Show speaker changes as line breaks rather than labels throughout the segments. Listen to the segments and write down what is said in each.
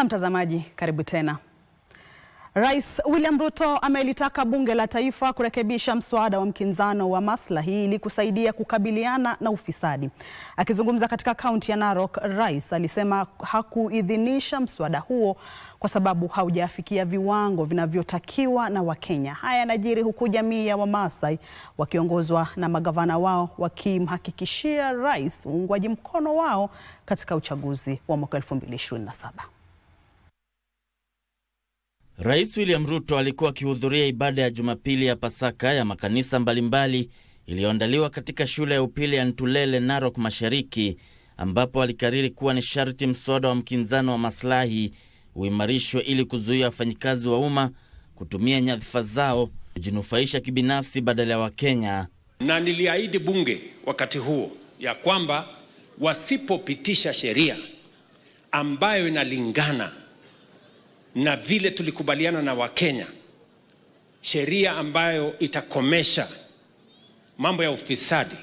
Na mtazamaji, karibu tena. Rais William Ruto amelitaka bunge la taifa kurekebisha mswada wa mkinzano wa maslahi ili kusaidia kukabiliana na ufisadi. Akizungumza katika kaunti ya Narok, rais alisema hakuidhinisha mswada huo kwa sababu haujafikia viwango vinavyotakiwa na Wakenya. Haya yanajiri huku jamii ya Wamaasai wakiongozwa na magavana wao wakimhakikishia rais uungwaji mkono wao katika uchaguzi wa mwaka 2027.
Rais William Ruto alikuwa akihudhuria ibada ya Jumapili ya Pasaka ya makanisa mbalimbali iliyoandaliwa katika shule ya upili ya Ntulele, Narok Mashariki, ambapo alikariri kuwa ni sharti mswada wa mkinzano wa maslahi uimarishwe ili kuzuia wafanyikazi wa umma kutumia nyadhifa zao kujinufaisha kibinafsi badala ya Wakenya.
Na niliahidi bunge wakati huo ya kwamba wasipopitisha sheria ambayo inalingana na vile tulikubaliana na Wakenya, sheria ambayo itakomesha mambo ya ufisadi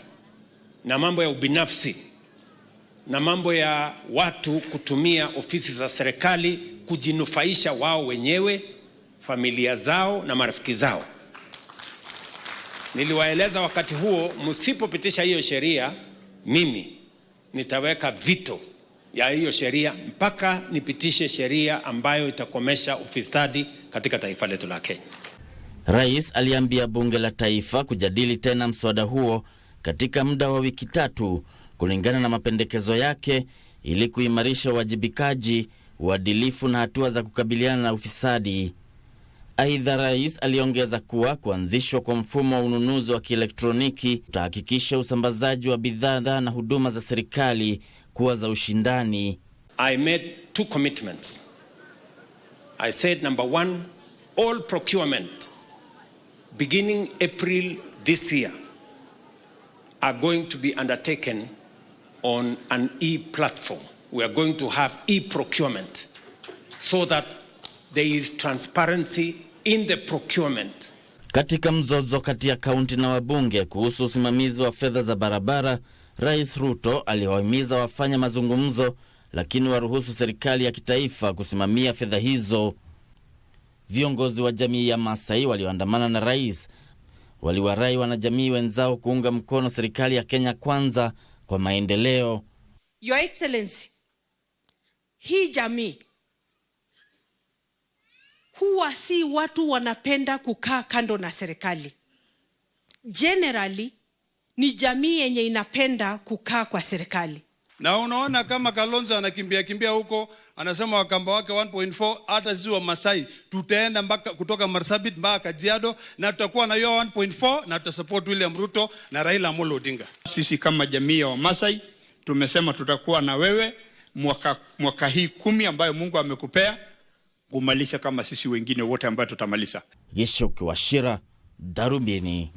na mambo ya ubinafsi na mambo ya watu kutumia ofisi za serikali kujinufaisha wao wenyewe, familia zao na marafiki zao. Niliwaeleza wakati huo, msipopitisha hiyo sheria, mimi nitaweka vito ya hiyo sheria mpaka nipitishe sheria ambayo itakomesha ufisadi katika taifa letu la Kenya.
Rais aliambia bunge la taifa kujadili tena mswada huo katika muda wa wiki tatu kulingana na mapendekezo yake ili kuimarisha uwajibikaji, uadilifu na hatua za kukabiliana na ufisadi. Aidha, rais aliongeza kuwa kuanzishwa kwa mfumo wa ununuzi wa kielektroniki utahakikisha usambazaji wa bidhaa na huduma za serikali kuwa za ushindani.
I made two commitments. I said number one, all procurement beginning April this year are going to be undertaken on an e-platform. We are going to have e-procurement so that there is transparency in the procurement.
Katika mzozo kati ya kaunti na wabunge kuhusu usimamizi wa fedha za barabara Rais Ruto aliwahimiza wafanya mazungumzo, lakini waruhusu serikali ya kitaifa kusimamia fedha hizo. Viongozi wa jamii ya Masai walioandamana na rais waliwarai wanajamii wenzao kuunga mkono serikali ya Kenya Kwanza kwa maendeleo.
Your Excellency, hii jamii huwa si watu wanapenda kukaa kando na serikali generally ni jamii yenye inapenda kukaa kwa serikali.
Na unaona kama Kalonzo anakimbia kimbia huko, anasema Wakamba wake 1.4, hata sisi wa Masai tutaenda mpaka kutoka Marsabit mpaka Kajiado na tutakuwa na hiyo 1.4 na tutasupport William Ruto na Raila Amolo Odinga.
Sisi kama jamii ya Wamasai tumesema tutakuwa na wewe mwaka, mwaka hii kumi ambayo Mungu amekupea kumalisha kama sisi wengine wote ambayo tutamaliza.
Yesu Kiwashira, Darubini.